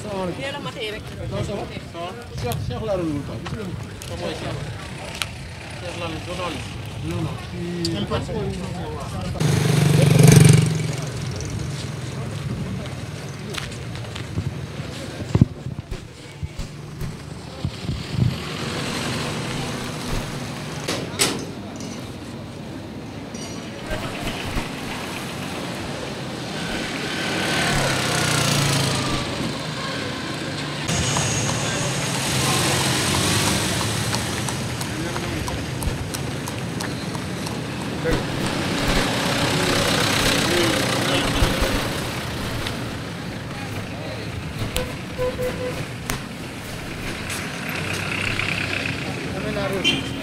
salaamaaleykum. Amen.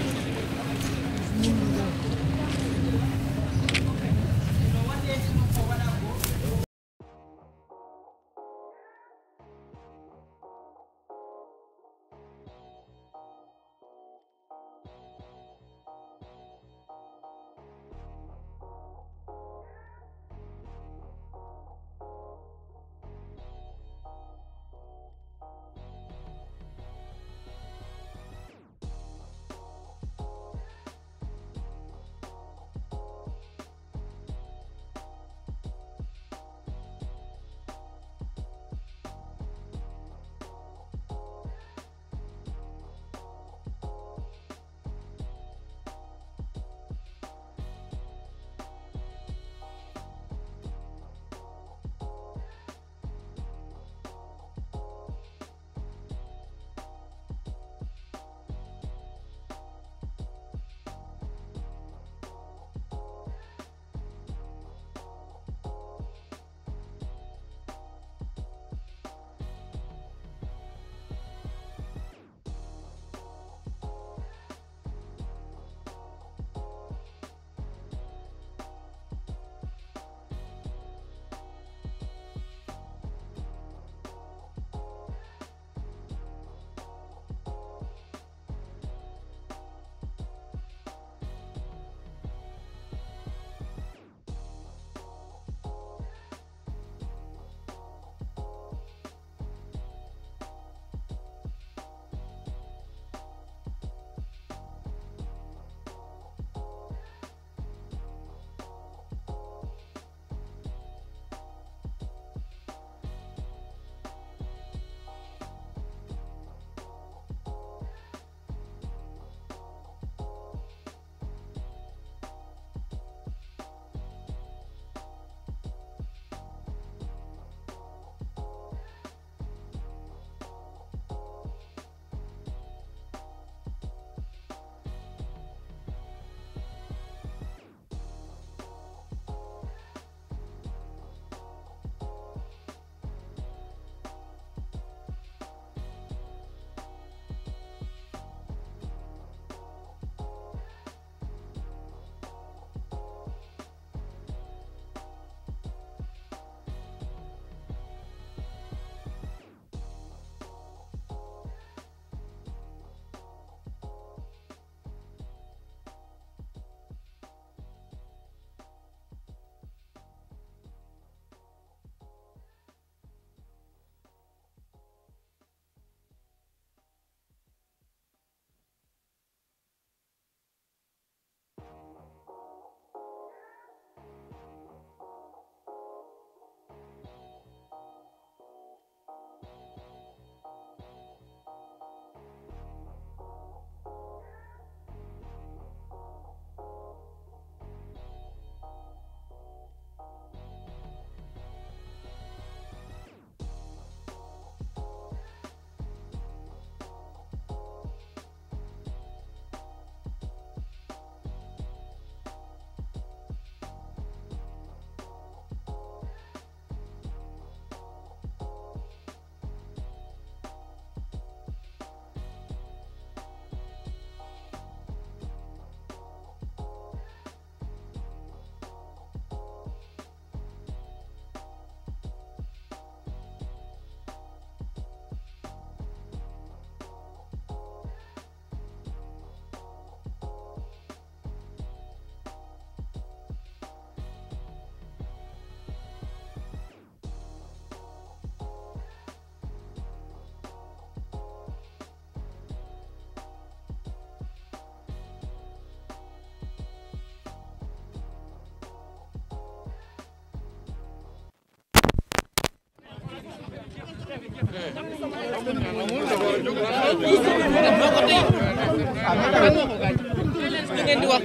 ngeen di wax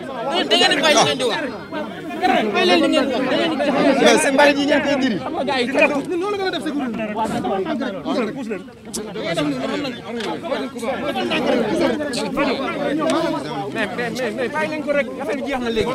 da ngeen di bàyyi ngeen di wax bàyyi leen li ngeen di wax da ngeen di bàyyi seen bari ñi ngeen koy diri loolu nga def secours mais mais mais bàyyi leen ko rek affaire bi jeex na léegi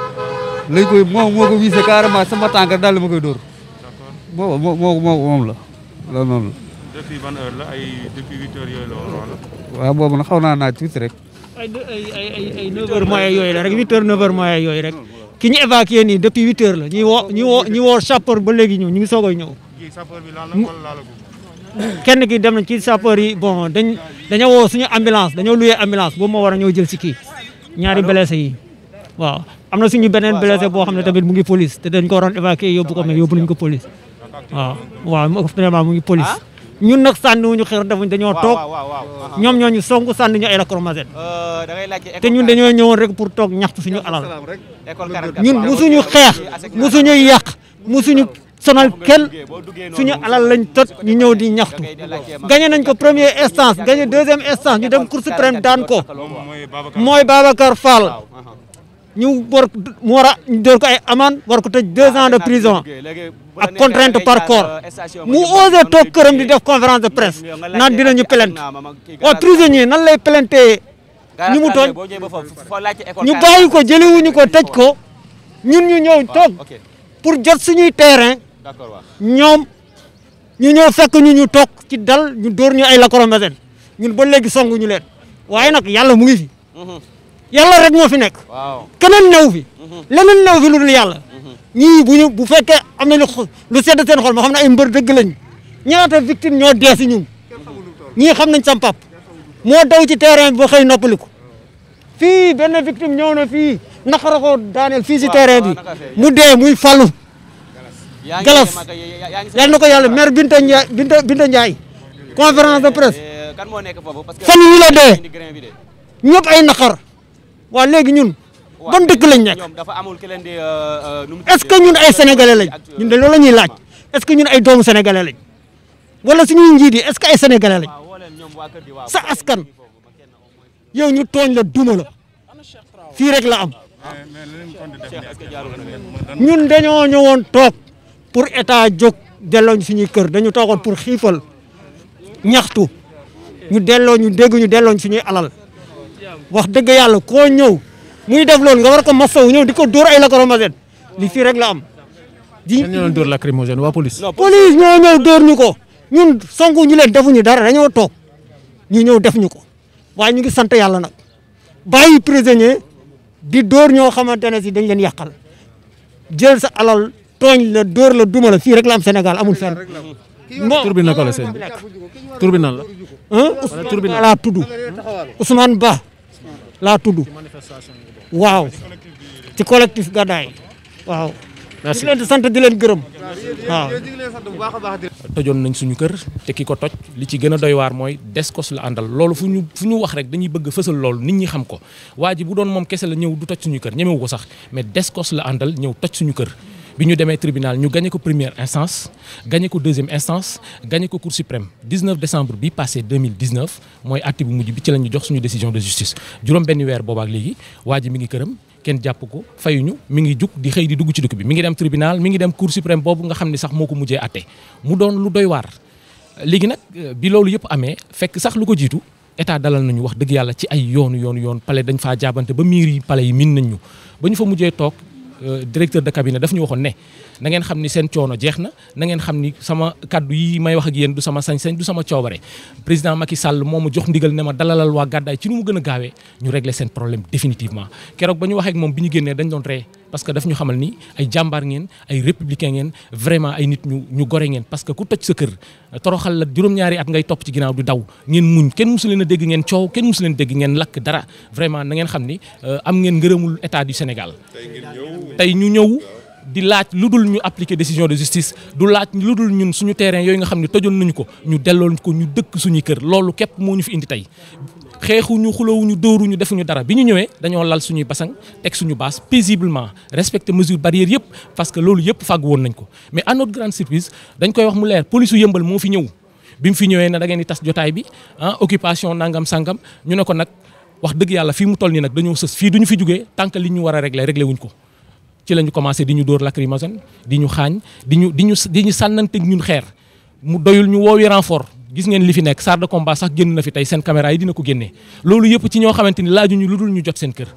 lañ koy moom moo ko wiise carrément sama tànk daal la ma koy dóor. d'accord moo moo moo moom la loolu noonu la. depuis la depuis huit yooyu la xaw naa naaj rek. ay ay mooy yooyu la rek huit heures mooy yooyu rek. ki ñu évacué nii depuis huit heures la ñuy woo ñuy woo ñuy woo sapeur ba léegi ñëw ñu ngi soog a ñëw. kenn ki dem na ci sapeur yi bon dañ dañoo woo suñu ambulance dañoo luyee ambulance boobu moo war a ñëw jël si kii ñaari blessé yi am na suñu beneen blessé boo xam ne tamit mu ngi police te dañ ko waroon évacuer yóbbu ko mais yóbbu nañ ko police waaw waaw mu ngi police ah? ñun nag sànni wuñu xeer defuñ dañoo toog ñoom ñoo ñu song sànni ñu ay lacrymogène euh, ñun dañoo ñëwoon rek pour toog ñaxtu suñu alal ñun musuñu xeex musuñu yàq musuñu sonal kenn suñu alal lañ tot ñu ñëw di ñaxtu gagné nañ ko première instance gagné deuxième instance ñu dem cour suprême daan ko mooy Babacar Fall uh-huh. ñu war mu war a ñu door ko ay amende war ko tëj deux ans de ah, prison ak contrainte par corps euh, mu osé toog këram di def conférence de presse naan dinañu plainte waaw oh, prisonnier nan lay plainte ñu mu tooñ ñu bàyyi ko ñu ko tëj ko ñun ñu ñëw toog pour jot suñuy terrain ñoom ñu ñëw fekk ñu ñu toog ci dal ñu dóor ñu ay lacrymogène ñun ba léegi songuñu leen waaye nag yàlla mu ngi fi mm-hmm. yàlla rek moo fi nekk. waaw keneen new fi. Mhm. leneen new fi lu dul yàlla. Mhm. ñii bu ñu bu fekkee am na lu sedd seen xol ma xam ne ay mbër dëgg lañ ñaata victime ñoo dee si ñun ñii xam nañ sam pap moo daw ci terrain bi ba xëy noppaliku fii benn victime ñëw na fii naqara ko daaneel fii si terrain bi mu dee muy fàllu galas yal na ko yàlla maire Binta Ndiaye Binta Binta Ndiaye conférence de presse eh, fan yi la dee ñëpp ay naqar waa léegi ñun ban dëkk lañ nekk euh, euh, est-ce que ñun ay euh, sénégalais lañ ñun de loolu la ñuy laaj est-ce que ñun ay doomu sénégalais lañ wala suñuy njiit yi est-ce que ay sénégalais lañ sa askan yow ñu tooñ la duma la fii rek la am ñun dañoo woon toog pour état jóg delloo ñu suñuy kër dañu toogoon pour xiifal ñaxtu ñu delloo ñu dégg ñu delloo ñu suñuy alal wax dëgg yàlla ko ñëw muy def loolu nga war ko masawu ñëw di ko dóor ay lacrymogène li fii rek la am. di ñoo doon dóor lacrymogène waa police. police ñoo ñëw dóor ñu ko ñun songu ñu leen defuñu dara dañoo toog ñu ñëw def ñu ko waa ñu ngi sant yàlla nag bàyyi prisonnier di dóor ñoo xamante ne si dañ leen yàqal jël sa alal tooñ la dóor la duma la fii rek la am Sénégal amul fenn. tur bi naka la sëñ bi tur la. ah Ousmane Ba. laa tudd waaw ci collectif Gadaay waaw. merci di leen di sant di leen gërëm waaw. tojoon nañ suñu kër te ki ko toj li ci gën a doy waar mooy Descos la àndal loolu fu ñu fu ñu wax rek dañuy bëgg fësal loolu nit ñi xam ko waa ji bu doon moom kese la ñëw du toj suñu kër ñemewu ko sax mais Descos la àndal ñëw toj suñu kër. bi ñu demee tribunal ñu gagné ko première instance gagné ko deuxième instance gagné ko cour suprême 19 décembre bi passé mooy àtte bu mujj bi ci la jox suñu décision de justice juróom benn weer boobaak léegi waa ji mi ngi këram kenn jàpp ko fayuñu mi ngi jug di xëy di dugg ci dëkk bi mi ngi dem tribunal mi ngi dem cour suprême boobu nga xam ne sax moo ko mujjee àtte mu doon lu doy waar léegi nag euh, bi loolu yëpp amee fekk sax lu ko jiitu état dalal nañu wax dëgg yàlla ci ay yoonu yoonu yoon palais dañ faa jaabante ba miir yi palais yi miin nañ ñu Euh, directeur de cabinet daf ñu waxoon ne na ngeen xam ni seen coono jeex na na ngeen xam ni sama kàddu yi may wax ak yéen du sama sañ-sañ du sama coobare président Macky sàll moo ma jox ndigal ne ma dalalal waa gàddaay ci nu mu gën a gaawee ñu régler seen problème définitivement keroog ba ñu waxee ak moom bi ñu génnee dañ doon ree parce que daf ñu xamal ni ay jàmbaar ngeen ay républicain ngeen vraiment ay nit ñu ñu gore ngeen parce que ku toj sa kër toroxal la juróom-ñaari at ngay topp ci ginnaaw du daw ngeen muñ kenn musu leen a dégg ngeen coow kenn musu leen dégg ngeen lakk dara vraiment na ngeen xam ni euh, am ngeen ngërëmul état du Sénégal tey ñu ñëw di laaj lu dul ñu appliquer décision de justice du laaj lu dul ñun suñu terrain yooyu nga xam ne tojoon nañu ko ñu delloon ko ñu dëkk suñuy kër loolu képp moo ñu fi indi tey xeexuñu xulawuñu dóoruñu defuñu dara bi ñu ñëwee dañoo lal suñuy basang teg suñu baas paisiblement respecter mesures barrières yëpp parce que loolu yëpp fàgg woon nañ ko mais à notre grande surprise dañ koy wax mu leer police yu yëmbal moo fi ñëw bi mu fi ñëwee na da ngeen di tas jotaay bi ah occupation nangam sangam ñu ne ko nag wax dëgg yàlla fii mu toll nii nag dañoo sës fii fi jugee tant li ñu war a régler régler wuñ ko ci la ñu commencé di ñu dóor lacrymogène di ñu xaañ di ñu di ñu di ñu sànnanteeg ñun xeer mu doyul ñu woowi renfort gis ngeen li fi nekk char de combat sax génn na fi tey seen caméra yi dina ko génnee loolu yëpp ci ñoo xamante ni ñu lu dul ñu jot seen kër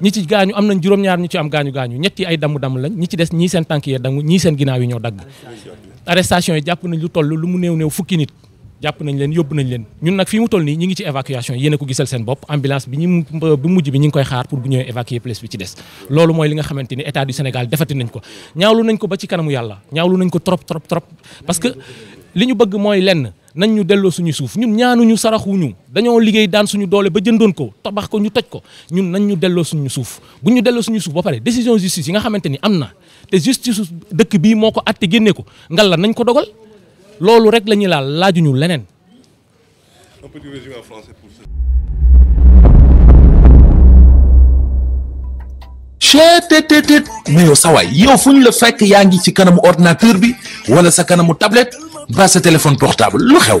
ñi ci gaañu am nañ juróom-ñaar ñu ci am gaañu gaañu ñetti ay damu damu lañ ñi ci des ñi seen tànk yee dangu ñii seen ginnaaw yi ñoo dagg arrestation yi jàpp nañ lu toll lu mu néew néew fukki nit jàpp nañ leen yóbbu nañ leen ñun nag fii mu toll nii ñi ngi ci évacuation yéen a ko gisal seen bopp ambulance bi ñu bi mujj bi ñi ngi koy xaar pour bu ñëwee évacuer place bi ci des loolu mooy li nga xamante ni état du Sénégal defati nañ ko ñaawlu nañ ko ba ci kanamu yàlla ñaawlu nañ ko trop trop trop parce que li ñu bëgg mooy lenn nañ ñu delloo suñu suuf ñun ñaanuñu saraxuñu dañoo liggéey daan suñu doole ba jëndoon ko tabax ko ñu toj ko ñun nañ ñu delloo suñu suuf bu ñu delloo suñu suuf ba pare décision justice yi nga xamante ni am na te justice dëkk bii moo ko atte génnee ko ngal nañ ko dogal loolu rek la ñuy laal laajuñu leneen. un petit résumé en français yow sawaay yow fu ñu la fekk yaa ngi ci kanamu ordinateur bi wala sa kanamu tablette ba sa téléphone portable lu xew.